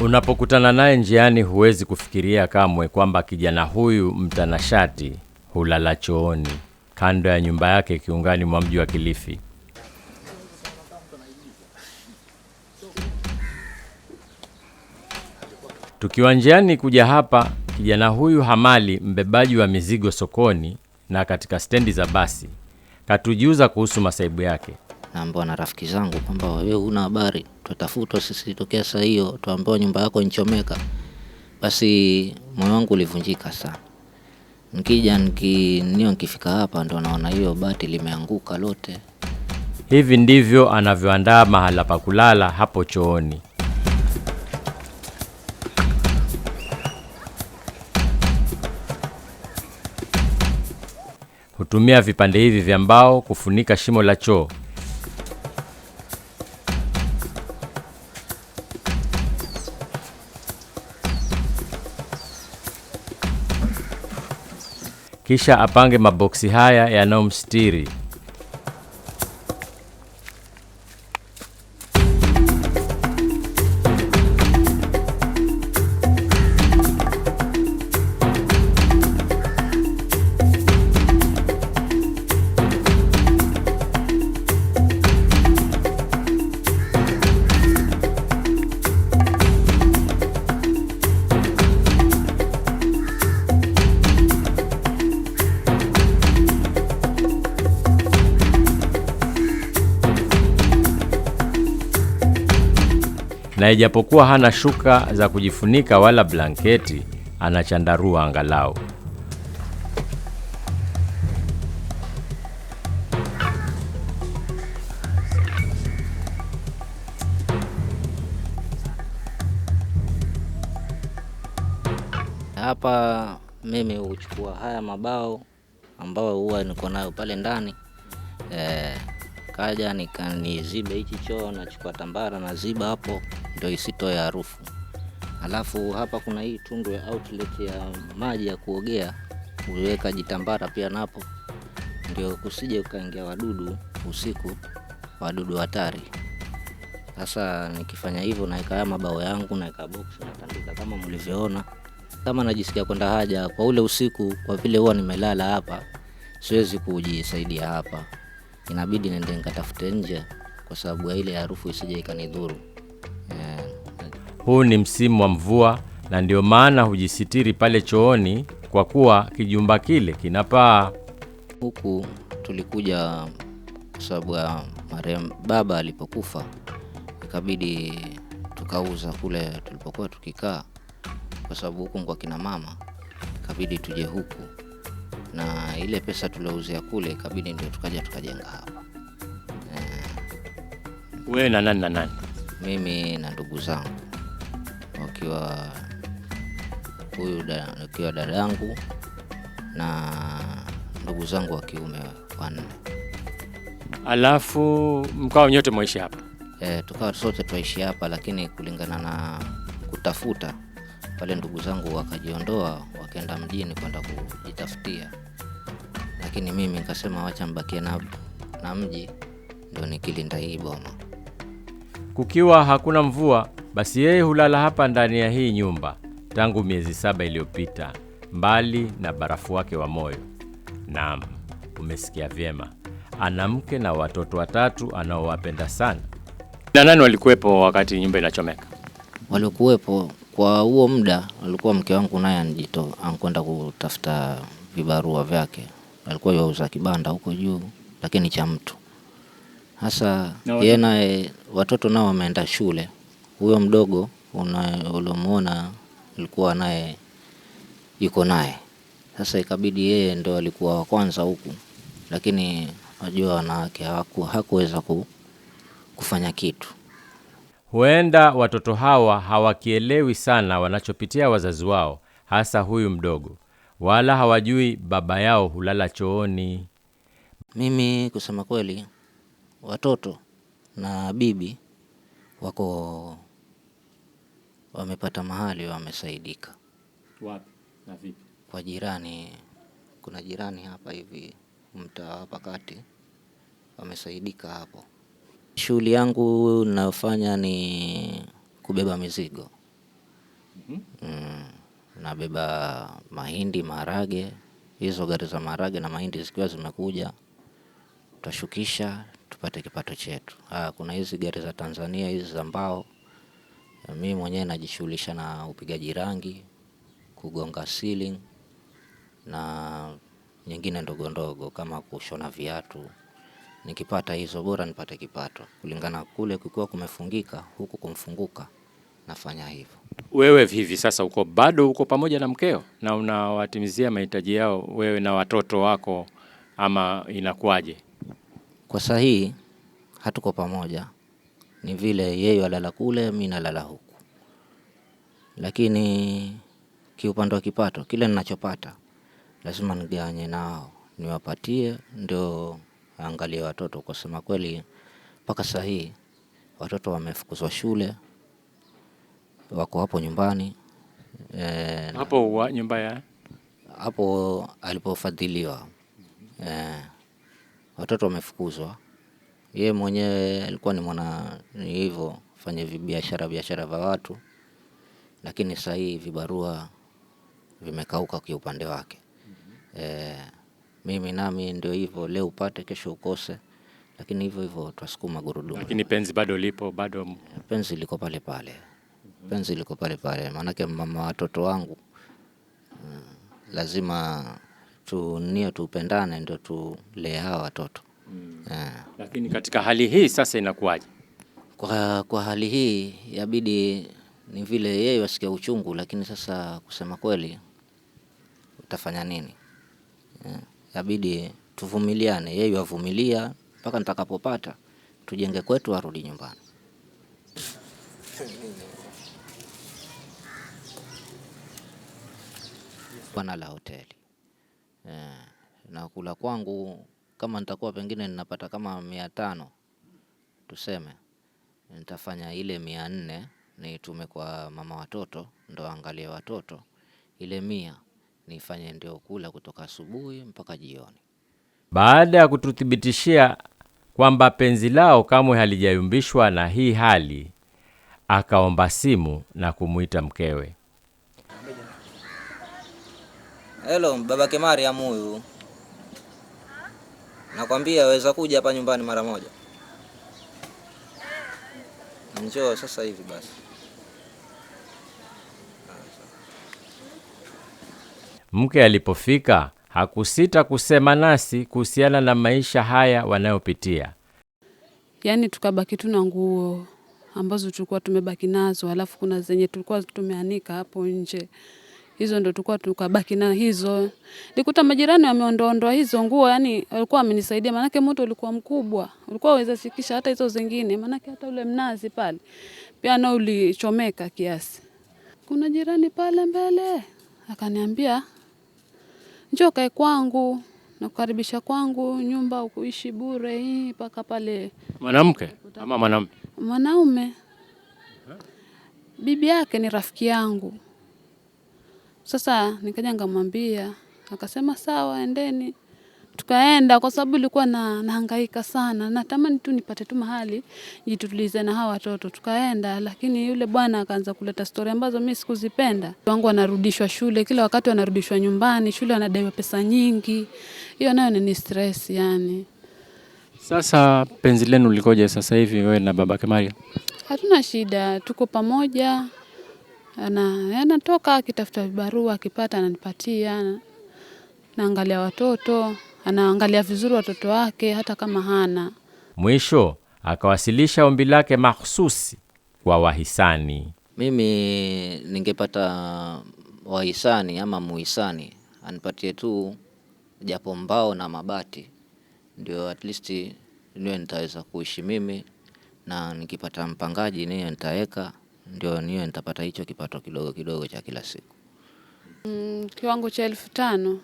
Unapokutana naye njiani, huwezi kufikiria kamwe kwamba kijana huyu mtanashati hulala chooni kando ya nyumba yake kiungani mwa mji wa Kilifi. Tukiwa njiani kuja hapa, kijana huyu Hamali, mbebaji wa mizigo sokoni na katika stendi za basi, katujiuza kuhusu masaibu yake naambiwa na rafiki zangu kwamba wewe huna habari, tutafutwa sisi tokea saa hiyo, tuambiwa nyumba yako inchomeka. Basi moyo wangu ulivunjika sana. Nikija niki nio nikifika hapa ndo naona hiyo bati limeanguka lote. Hivi ndivyo anavyoandaa mahala pa kulala hapo chooni. Hutumia vipande hivi vya mbao kufunika shimo la choo kisha apange maboksi haya yanayomstiri na ijapokuwa hana shuka za kujifunika wala blanketi, ana chandarua angalau. Hapa mimi huchukua haya mabao ambayo huwa niko nayo pale ndani e, kaja nikanizibe hichi choo, nachukua tambara naziba hapo ndio isitoe harufu. Alafu hapa kuna hii tundu ya outlet ya maji ya kuogea, uliweka jitambara pia napo, ndio kusije ukaingia wadudu usiku, wadudu hatari. Sasa nikifanya hivyo, naweka haya mabao yangu, naweka box, natandika kama mlivyoona. Kama najisikia kwenda haja kwa ule usiku, kwa vile huwa nimelala hapa, siwezi kujisaidia hapa, inabidi nende nikatafute nje, kwa sababu ya ile harufu isije ikanidhuru. Huu ni msimu wa mvua na ndio maana hujisitiri pale chooni kwa kuwa kijumba kile kinapaa. Huku tulikuja kwa sababu ya marehemu baba alipokufa, ikabidi tukauza kule tulipokuwa tukikaa, kwa sababu huku kwa kina mama, ikabidi tuje huku, na ile pesa tuliouzia kule ikabidi ndio tukaja tukajenga hapa. Eh. Wewe na nani na nani? Mimi na ndugu zangu wakiwa huyu da, wakiwa dadangu na ndugu zangu wa kiume wanne. Alafu mkawa nyote mwaishi hapa? E, eh, tukawa sote twaishi hapa, lakini kulingana na kutafuta pale, ndugu zangu wakajiondoa wakaenda mjini kwenda kujitafutia, lakini mimi nkasema wacha mbakie na, na mji ndo nikilinda hii boma, kukiwa hakuna mvua basi yeye hulala hapa ndani ya hii nyumba tangu miezi saba iliyopita, mbali na barafu wake wa moyo. Naam, umesikia vyema. Ana mke na watoto watatu anaowapenda sana. Na nani walikuwepo wakati nyumba inachomeka? Walikuwepo kwa huo muda, alikuwa mke wangu naye anjito ankwenda kutafuta vibarua vyake, alikuwa yauza kibanda huko juu, lakini cha mtu hasa. Yeye naye watoto nao wameenda shule huyo mdogo uliomwona alikuwa naye yuko naye. Sasa ikabidi yeye ndo alikuwa wa kwanza huku, lakini wajua wanawake hakuweza kufanya kitu. Huenda watoto hawa hawakielewi sana wanachopitia wazazi wao, hasa huyu mdogo, wala hawajui baba yao hulala chooni. Mimi kusema kweli, watoto na bibi wako wamepata mahali wamesaidika. Wapi na vipi? Kwa jirani, kuna jirani hapa hivi mtaa hapa kati wamesaidika hapo. Shughuli yangu nayofanya ni kubeba mizigo mm -hmm. Mm, nabeba mahindi, maharage, hizo gari za maharage na mahindi zikiwa zimekuja tutashukisha tupate kipato chetu. Ah, kuna hizi gari za Tanzania hizi za mbao mimi mwenyewe najishughulisha na upigaji rangi, kugonga ceiling na nyingine ndogo ndogo kama kushona viatu. Nikipata hizo bora nipate kipato. Kulingana kule kukiwa kumefungika, huku kumfunguka nafanya hivyo. Wewe vivi sasa uko bado uko pamoja na mkeo na unawatimizia mahitaji yao wewe na watoto wako ama inakuwaje? Kwa sahihi hatuko pamoja ni vile yeye alala kule, mimi nalala huku, lakini kiupande wa kipato kile ninachopata lazima nigawanye nao, niwapatie ndio angalie watoto. Kwa sema kweli, mpaka saa hii watoto wamefukuzwa shule, wako hapo nyumbani e, hapo wa nyumba ya hapo alipofadhiliwa e, watoto wamefukuzwa ye mwenyewe alikuwa ni mwana ni hivyo fanye vibiashara biashara vya watu, lakini sasa hii vibarua vimekauka upande wake. E, mimi nami ndio hivyo, leo upate kesho ukose, lakini hivyo hivyo twasukuma gurudumu. Lakini penzi bado lipo, bado eh, penzi liko pale pale, mm-hmm. penzi liko pale pale, maanake mama watoto wangu eh, lazima tunie tupendane, ndio tulee hawa watoto. Mm. Ah. Lakini katika hali hii sasa inakuwaje? Kwa, kwa hali hii yabidi ni vile yeye wasikia uchungu, lakini sasa kusema kweli utafanya nini? Eh, yabidi tuvumiliane, yeye yavumilia mpaka nitakapopata, tujenge kwetu, arudi nyumbani. Bwana la hoteli eh, na kula kwangu kama nitakuwa pengine ninapata kama mia tano tuseme, nitafanya ile mia nne niitume kwa mama watoto, ndo angalie watoto. Ile mia nifanye ndio kula kutoka asubuhi mpaka jioni. Baada ya kututhibitishia kwamba penzi lao kamwe halijayumbishwa na hii hali, akaomba simu na kumwita mkewe. Helo, babake Mariam huyu Nakwambia waweza kuja hapa nyumbani mara moja, njoo sasa hivi basi. Mke alipofika hakusita kusema nasi kuhusiana na maisha haya wanayopitia, yaani tukabaki tuna nguo ambazo tulikuwa tumebaki nazo, alafu kuna zenye tulikuwa tumeanika hapo nje hizo ndo tulikuwa tukabaki na hizo. Nikuta majirani wameondoondoa hizo nguo, yani walikuwa wamenisaidia, maanake moto ulikuwa mkubwa, ulikuwa uweza sikisha hata hizo zingine, maanake hata ule mnazi pale pia nao ulichomeka kiasi. Kuna jirani pale mbele akaniambia, njoo kae kwangu nakukaribisha kwangu nyumba ukuishi bure hii mpaka pale. Mwanamke ama mwanaume? Mwanaume. Bibi yake ni rafiki yangu. Sasa nikaja nikamwambia, akasema sawa, endeni. Tukaenda kwa sababu ilikuwa na nahangaika sana, natamani tu nipate tu mahali jitulize na hawa watoto. Tukaenda, lakini yule bwana akaanza kuleta stori ambazo mi sikuzipenda. Wangu wanarudishwa shule kila wakati, wanarudishwa nyumbani, shule wanadaiwa pesa nyingi, hiyo nayo ni stress yani. Sasa penzi lenu likoje sasa hivi, wewe na babake Mario? Hatuna shida, tuko pamoja, na anatoka akitafuta barua akipata ananipatia, naangalia watoto, anaangalia vizuri watoto wake hata kama hana. Mwisho akawasilisha ombi lake mahususi kwa wahisani. Mimi ningepata wahisani ama muhisani anipatie tu japo mbao na mabati, ndio at least niwe nitaweza kuishi mimi, na nikipata mpangaji niye nitaweka ndio niwe nitapata hicho kipato kidogo kidogo cha kila siku. Mm, kiwango cha elfu tano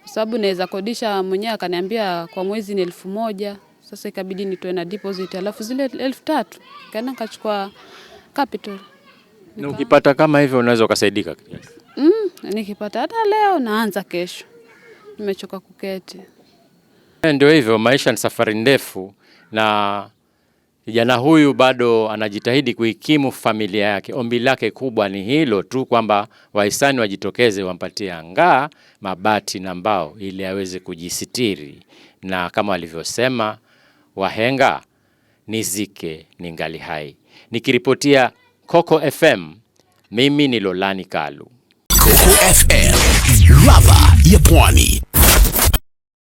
kwa sababu naweza kodisha mwenyewe, akaniambia kwa mwezi ni elfu moja. Sasa ikabidi nitoe na deposit, alafu zile elfu tatu kana kachukua capital. Na ukipata kama hivyo unaweza ukasaidika Mm, nikipata hata leo naanza kesho, nimechoka kuketi. Ndio hivyo, maisha ni safari ndefu na Kijana huyu bado anajitahidi kuikimu familia yake. Ombi lake kubwa ni hilo tu kwamba wahisani wajitokeze wampatie ngaa mabati na mbao ili aweze kujisitiri, na kama walivyosema wahenga, nizike ningali hai. Nikiripotia Coco FM, mimi ni Lolani Kalu, Coco FM, ladha ya Pwani.